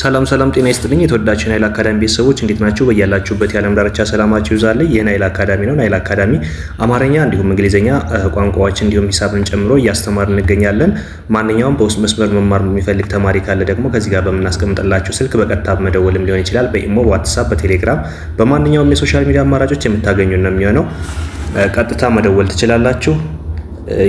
ሰላም ሰላም፣ ጤና ይስጥልኝ የተወዳችሁ ናይል አካዳሚ ቤተሰቦች እንዴት ናችሁ? በያላችሁበት የዓለም ዳርቻ ሰላማችሁ ይብዛልኝ። ይህ ናይል አካዳሚ ነው። ናይል አካዳሚ አማርኛ እንዲሁም እንግሊዝኛ ቋንቋዎች እንዲሁም ሂሳብን ጨምሮ እያስተማር እንገኛለን። ማንኛውም በውስጥ መስመር መማር የሚፈልግ ተማሪ ካለ ደግሞ ከዚህ ጋር በምናስቀምጥላችሁ ስልክ በቀጥታ መደወልም ሊሆን ይችላል። በኢሞ፣ በዋትሳፕ፣ በቴሌግራም በማንኛውም የሶሻል ሚዲያ አማራጮች የምታገኙ ነው የሚሆነው። ቀጥታ መደወል ትችላላችሁ።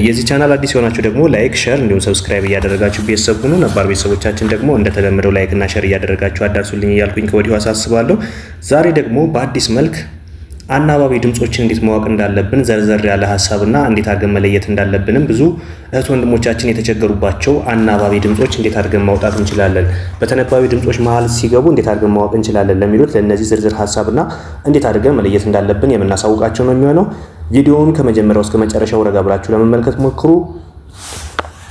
የዚህ ቻናል አዲስ የሆናችሁ ደግሞ ላይክ፣ ሸር እንዲሁም ሰብስክራይብ እያደረጋችሁ ቤተሰብ ሁኑ። ነባር ቤተሰቦቻችን ደግሞ እንደተለመደው ላይክ እና ሸር እያደረጋችሁ አዳርሱልኝ እያልኩኝ ከወዲሁ አሳስባለሁ። ዛሬ ደግሞ በአዲስ መልክ አናባቢ ድምፆችን እንዴት ማወቅ እንዳለብን ዘርዘር ያለ ሀሳብና እንዴት አድርገን መለየት እንዳለብንም ብዙ እህት ወንድሞቻችን የተቸገሩባቸው አናባቢ ድምፆች እንዴት አድርገን ማውጣት እንችላለን፣ በተነባቢ ድምፆች መሀል ሲገቡ እንዴት አድርገን ማወቅ እንችላለን ለሚሉት ለእነዚህ ዝርዝር ሀሳብና እንዴት አድርገን መለየት እንዳለብን የምናሳውቃቸው ነው የሚሆነው። ቪዲዮውን ከመጀመሪያው እስከ መጨረሻው ረጋ ብላችሁ ለመመልከት ሞክሩ።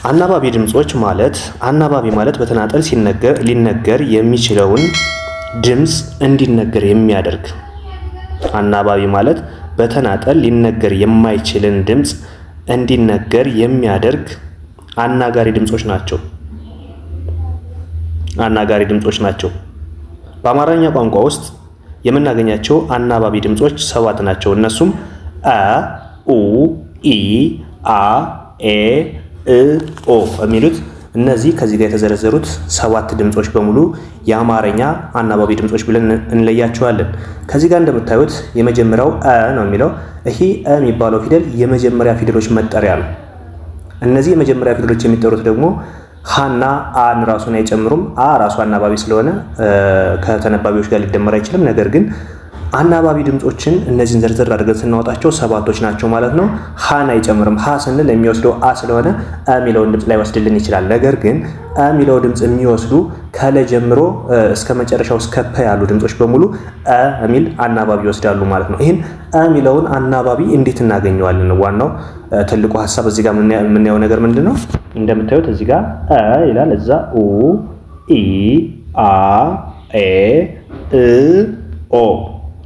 አናባቢ ድምጾች ማለት አናባቢ ማለት በተናጠል ሲነገር ሊነገር የሚችለውን ድምፅ እንዲነገር የሚያደርግ አናባቢ ማለት በተናጠል ሊነገር የማይችልን ድምፅ እንዲነገር የሚያደርግ አናጋሪ ድምጾች ናቸው። አናጋሪ ድምጾች ናቸው። በአማርኛ ቋንቋ ውስጥ የምናገኛቸው አናባቢ ድምጾች ሰባት ናቸው። እነሱም አ ኡ ኢ አ ኤ እ ኦ የሚሉት እነዚህ ከዚህ ጋር የተዘረዘሩት ሰባት ድምጾች በሙሉ የአማርኛ አናባቢ ድምጾች ብለን እንለያቸዋለን። ከዚህ ጋር እንደምታዩት የመጀመሪያው አ ነው የሚለው ይህ አ የሚባለው ፊደል የመጀመሪያ ፊደሎች መጠሪያ ነው። እነዚህ የመጀመሪያ ፊደሎች የሚጠሩት ደግሞ ሀና አን ራሱን አይጨምሩም። አ ራሱ አናባቢ ስለሆነ ከተነባቢዎች ጋር ሊደመር አይችልም። ነገር ግን አናባቢ ድምፆችን እነዚህን ዝርዝር አድርገን ስናወጣቸው ሰባቶች ናቸው ማለት ነው። ሀን አይጨምርም። ሀ ስንል የሚወስደው አ ስለሆነ የሚለውን ድምፅ ላይ ወስድልን ይችላል። ነገር ግን የሚለው ድምፅ የሚወስዱ ከለ ጀምሮ እስከ መጨረሻው እስከ ፐ ያሉ ድምፆች በሙሉ የሚል አናባቢ ይወስዳሉ ማለት ነው። ይህን የሚለውን አናባቢ እንዴት እናገኘዋለን? ዋናው ትልቁ ሀሳብ እዚህ ጋር የምናየው ነገር ምንድን ነው? እንደምታዩት እዚህ ጋር ይላል፣ እዛ ኡ ኢ አ ኤ እ ኦ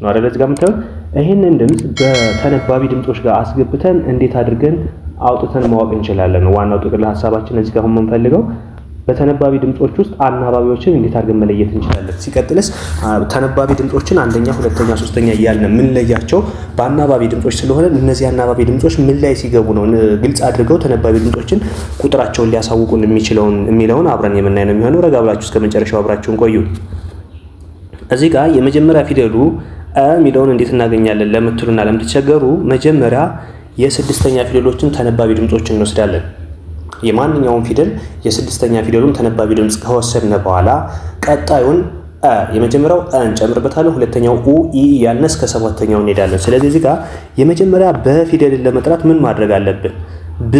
ነው አይደል? እዚህ ጋር የምታዩት ይህንን ድምፅ በተነባቢ ድምጾች ጋር አስገብተን እንዴት አድርገን አውጥተን ማወቅ እንችላለን? ዋናው ጥቅል ሀሳባችን እዚህ ጋር የምንፈልገው በተነባቢ ድምጾች ውስጥ አናባቢዎችን እንዴት አድርገን መለየት እንችላለን። ሲቀጥልስ ተነባቢ ድምጾችን አንደኛ፣ ሁለተኛ፣ ሶስተኛ እያልን የምንለያቸው በአናባቢ ድምጾች ስለሆነ እነዚህ አናባቢ ድምጾች ምን ላይ ሲገቡ ነው ግልጽ አድርገው ተነባቢ ድምጾችን ቁጥራቸውን ሊያሳውቁን የሚችለውን የሚለውን አብረን የምናይ ነው የሚሆነው። ረጋ ብላችሁ እስከ መጨረሻው አብራችሁን ቆዩ። እዚህ ጋር የመጀመሪያ ፊደሉ የሚለውን እንዴት እናገኛለን ለምትሉና ለምትቸገሩ መጀመሪያ የስድስተኛ ፊደሎችን ተነባቢ ድምፆችን እንወስዳለን። የማንኛውም ፊደል የስድስተኛ ፊደሉን ተነባቢ ድምፅ ከወሰድነ በኋላ ቀጣዩን የመጀመሪያው እንጨምርበታለን። ሁለተኛው ኡ ኢ እያልን እስከ ሰባተኛው እንሄዳለን። ስለዚህ እዚህ ጋር የመጀመሪያ በፊደልን ለመጥራት ምን ማድረግ አለብን? ብ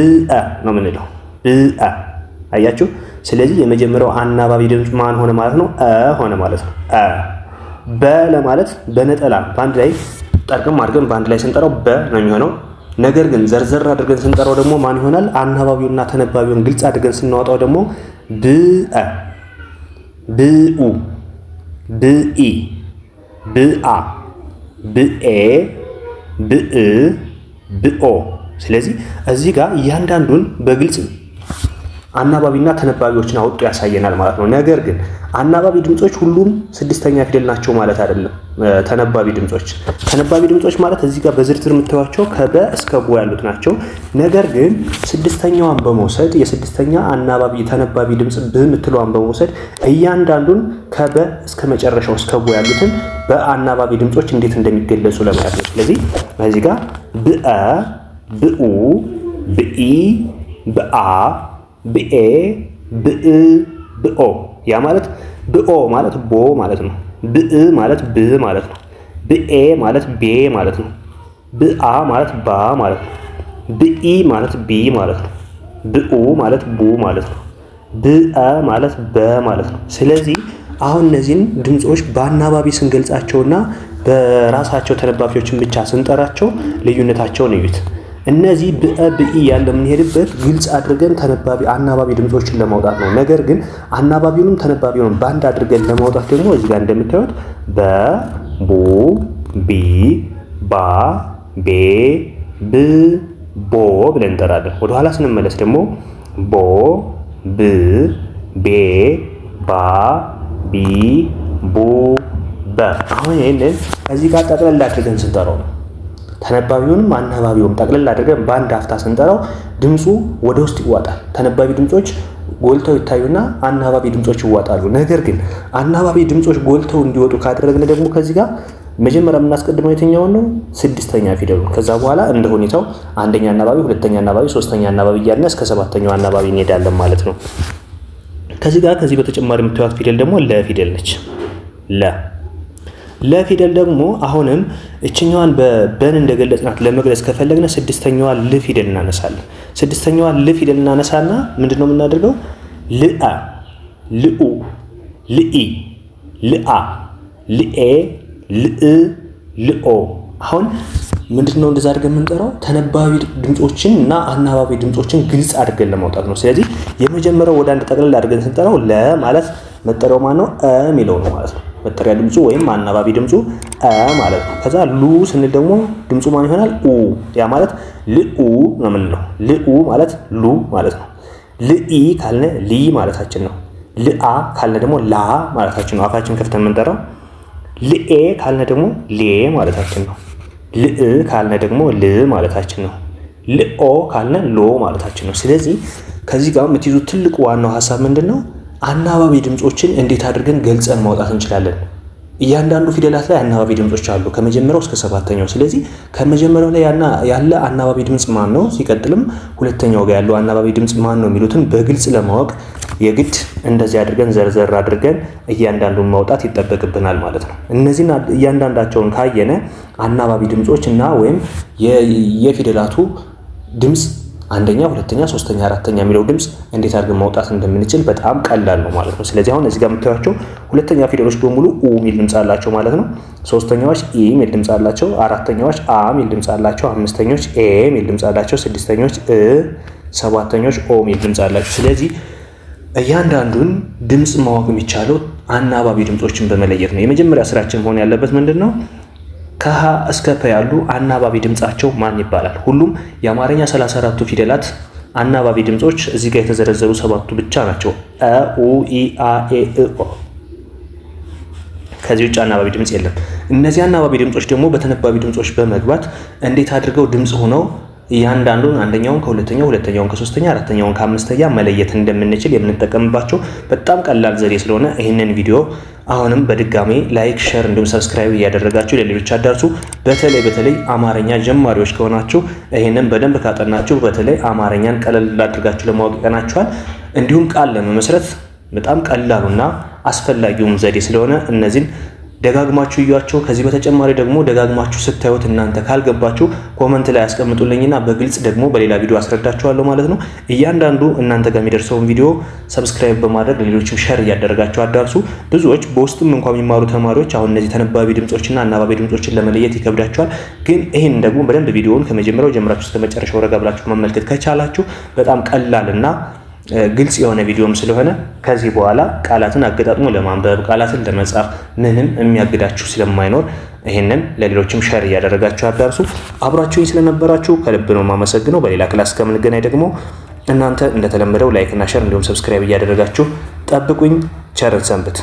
ነው የምንለው። ብ አያችሁ። ስለዚህ የመጀመሪያው አናባቢ ድምፅ ማን ሆነ ማለት ነው? ሆነ ማለት ነው። በ ለማለት በነጠላ በአንድ ላይ ጠርቅም አድርገን በአንድ ላይ ስንጠራው በ ነው የሚሆነው። ነገር ግን ዘርዘር አድርገን ስንጠራው ደግሞ ማን ይሆናል? አናባቢውና ተነባቢውን ግልጽ አድርገን ስናወጣው ደግሞ ብአ፣ ብኡ፣ ብኢ፣ ብአ፣ ብኤ፣ ብእ፣ ብኦ። ስለዚህ እዚህ ጋር እያንዳንዱን በግልጽ አናባቢና ተነባቢዎችን አውጡ ያሳየናል ማለት ነው። ነገር ግን አናባቢ ድምጾች ሁሉም ስድስተኛ ፊደል ናቸው ማለት አይደለም። ተነባቢ ድምጾች ተነባቢ ድምጾች ማለት እዚህ ጋር በዝርዝር የምታዩቸው ከበ እስከ ቦ ያሉት ናቸው። ነገር ግን ስድስተኛዋን በመውሰድ የስድስተኛ አናባቢ ተነባቢ ድምጽ በምትለዋን በመውሰድ እያንዳንዱን ከበ እስከ መጨረሻው እስከ ቦ ያሉትን በአናባቢ ድምጾች እንዴት እንደሚገለጹ ለማየት ነው። ስለዚህ እዚህ ጋር ብአ፣ ብኡ፣ ብኢ፣ ብአ፣ ብኤ፣ ብእ፣ ብኦ ያ ማለት ብኦ ማለት ቦ ማለት ነው። ብእ ማለት ብ ማለት ነው። ብኤ ማለት ቤ ማለት ነው። ብአ ማለት ባ ማለት ነው። ብኢ ማለት ቢ ማለት ነው። ብኡ ማለት ቡ ማለት ነው። ብአ ማለት በ ማለት ነው። ስለዚህ አሁን እነዚህን ድምፆች በአናባቢ ስንገልጻቸውና በራሳቸው ተነባቢዎችን ብቻ ስንጠራቸው ልዩነታቸውን እዩት። እነዚህ ብአ ብኢ ያለ የምንሄድበት ግልጽ አድርገን ተነባቢ አናባቢ ድምጾችን ለማውጣት ነው። ነገር ግን አናባቢውንም ተነባቢውንም ባንድ አድርገን ለማውጣት ደግሞ እዚህ ጋር እንደምታዩት በ ቡ ቢ ባ ቤ ብ ቦ ብለን እንጠራለን። ወደኋላ ስንመለስ ደግሞ ቦ ብ ቤ ባ ቢ ቡ በ አሁን ይህንን እዚህ ጋር ጠቅለል አድርገን ስንጠራው ነው ተነባቢውንም አናባቢውም ጠቅልል አድርገን በአንድ አፍታ ስንጠራው ድምፁ ወደ ውስጥ ይዋጣል። ተነባቢ ድምፆች ጎልተው ይታዩና አናባቢ ድምፆች ይዋጣሉ። ነገር ግን አናባቢ ድምፆች ጎልተው እንዲወጡ ካደረግን ደግሞ ከዚህ ጋር መጀመሪያ የምናስቀድመው የትኛውን ነው? ስድስተኛ ፊደሉን። ከዛ በኋላ እንደ ሁኔታው አንደኛ አናባቢ፣ ሁለተኛ አናባቢ፣ ሶስተኛ አናባቢ እያልን እስከ ሰባተኛው አናባቢ እንሄዳለን ማለት ነው። ከዚህ ጋር ከዚህ በተጨማሪ የምታዩት ፊደል ደግሞ ለፊደል ነች። ለ ለፊደል ደግሞ አሁንም እችኛዋን በበን እንደገለጽናት ለመግለጽ ከፈለግነ ስድስተኛዋን ል ፊደል እናነሳለን። ስድስተኛዋን ል ፊደል እናነሳና ምንድን ነው የምናደርገው? ልአ፣ ልኡ፣ ልኢ፣ ልአ፣ ልኤ፣ ልእ፣ ልኦ አሁን ምንድን ነው እንደዛ አድርገን የምንጠራው? ተነባቢ ድምፆችን እና አናባቢ ድምፆችን ግልጽ አድርገን ለማውጣት ነው። ስለዚህ የመጀመሪያው ወደ አንድ ጠቅለል አድርገን ስንጠራው ለ ማለት መጠሪያው ማን ነው? የሚለው ነው ማለት ነው። መጠሪያ ድምፁ ወይም አናባቢ ድምፁ አ ማለት ነው። ከዛ ሉ ስንል ደግሞ ድምፁ ማን ይሆናል? ኡ። ያ ማለት ልኡ ነው ልኡ ማለት ሉ ማለት ነው። ልኢ ካልነ ሊ ማለታችን ነው። ልአ ካልነ ደግሞ ላ ማለታችን ነው። አፋችን ከፍተን የምንጠራው ልኤ ካልነ ደግሞ ሌ ማለታችን ነው። ልእ ካልነ ደግሞ ል ማለታችን ነው። ልኦ ካልነ ሎ ማለታችን ነው። ስለዚህ ከዚህ ጋር የምትይዙት ትልቁ ዋናው ሀሳብ ምንድን ነው? አናባቢ ድምፆችን እንዴት አድርገን ገልጸን ማውጣት እንችላለን? እያንዳንዱ ፊደላት ላይ አናባቢ ድምፆች አሉ፣ ከመጀመሪያው እስከ ሰባተኛው። ስለዚህ ከመጀመሪያው ላይ ያለ አናባቢ ድምፅ ማን ነው፣ ሲቀጥልም ሁለተኛው ጋር ያለው አናባቢ ድምፅ ማን ነው የሚሉትን በግልጽ ለማወቅ የግድ እንደዚህ አድርገን ዘርዘር አድርገን እያንዳንዱን ማውጣት ይጠበቅብናል ማለት ነው። እነዚህን እያንዳንዳቸውን ካየነ አናባቢ ድምፆች እና ወይም የፊደላቱ ድምፅ አንደኛ፣ ሁለተኛ፣ ሶስተኛ፣ አራተኛ የሚለው ድምፅ እንዴት አድርገን ማውጣት እንደምንችል በጣም ቀላል ነው ማለት ነው። ስለዚህ አሁን እዚህ ጋር የምታያቸው ሁለተኛ ፊደሎች በሙሉ ኡ የሚል ድምፅ አላቸው ማለት ነው። ሶስተኛዎች ኢ የሚል ድምፅ አላቸው። አራተኛዎች አ የሚል ድምፅ አላቸው። አምስተኞች ኤ የሚል ድምፅ አላቸው። ስድስተኞች እ፣ ሰባተኞች ኦ የሚል ድምፅ አላቸው። ስለዚህ እያንዳንዱን ድምፅ ማወቅ የሚቻለው አናባቢ ድምፆችን በመለየት ነው። የመጀመሪያ ስራችን መሆን ያለበት ምንድን ነው? ከሀ እስከ ፐ ያሉ አናባቢ ድምጻቸው ማን ይባላል? ሁሉም የአማርኛ 34ቱ ፊደላት አናባቢ ድምጾች እዚህ ጋር የተዘረዘሩ ሰባቱ ብቻ ናቸው። አ ኡ ኢ አ ኤ እ ኦ። ከዚህ ውጭ አናባቢ ድምጽ የለም። እነዚህ አናባቢ ድምጾች ደግሞ በተነባቢ ድምጾች በመግባት እንዴት አድርገው ድምጽ ሆነው እያንዳንዱን አንደኛውን ከሁለተኛው ሁለተኛውን ከሶስተኛ አራተኛውን ከአምስተኛ መለየት እንደምንችል የምንጠቀምባቸው በጣም ቀላል ዘዴ ስለሆነ ይህንን ቪዲዮ አሁንም በድጋሜ ላይክ፣ ሸር እንዲሁም ሰብስክራይብ እያደረጋችሁ ለሌሎች አዳርሱ። በተለይ በተለይ አማርኛ ጀማሪዎች ከሆናችሁ ይህንን በደንብ ካጠናችሁ በተለይ አማርኛን ቀለል ላድርጋችሁ ለማወቅ ይቀናችኋል። እንዲሁም ቃል ለመመስረት በጣም ቀላሉና አስፈላጊውም ዘዴ ስለሆነ እነዚህን ደጋግማችሁ እያቸው። ከዚህ በተጨማሪ ደግሞ ደጋግማችሁ ስታዩት እናንተ ካልገባችሁ ኮመንት ላይ አስቀምጡልኝና በግልጽ ደግሞ በሌላ ቪዲዮ አስረዳችኋለሁ ማለት ነው። እያንዳንዱ እናንተ ጋር የሚደርሰውን ቪዲዮ ሰብስክራይብ በማድረግ ሌሎችም ሸር እያደረጋችሁ አዳርሱ። ብዙዎች በውስጥም እንኳ የሚማሩ ተማሪዎች አሁን እነዚህ ተነባቢ ድምጾችና አናባቢ ድምጾችን ለመለየት ይከብዳቸዋል። ግን ይህን ደግሞ በደንብ ቪዲዮውን ከመጀመሪያው ጀምራችሁ እስከ መጨረሻው ረጋ ብላችሁ መመልከት ከቻላችሁ በጣም ቀላልና ግልጽ የሆነ ቪዲዮም ስለሆነ ከዚህ በኋላ ቃላትን አገጣጥሞ ለማንበብ ቃላትን ለመጻፍ ምንም የሚያግዳችሁ ስለማይኖር ይህንን ለሌሎችም ሸር እያደረጋችሁ አዳርሱ። አብራችሁኝ ስለነበራችሁ ከልብ ነው የማመሰግነው። በሌላ ክላስ ከምንገናኝ ደግሞ እናንተ እንደተለመደው ላይክ እና ሸር እንዲሁም ሰብስክራይብ እያደረጋችሁ ጠብቁኝ። ቸርን ሰንብት።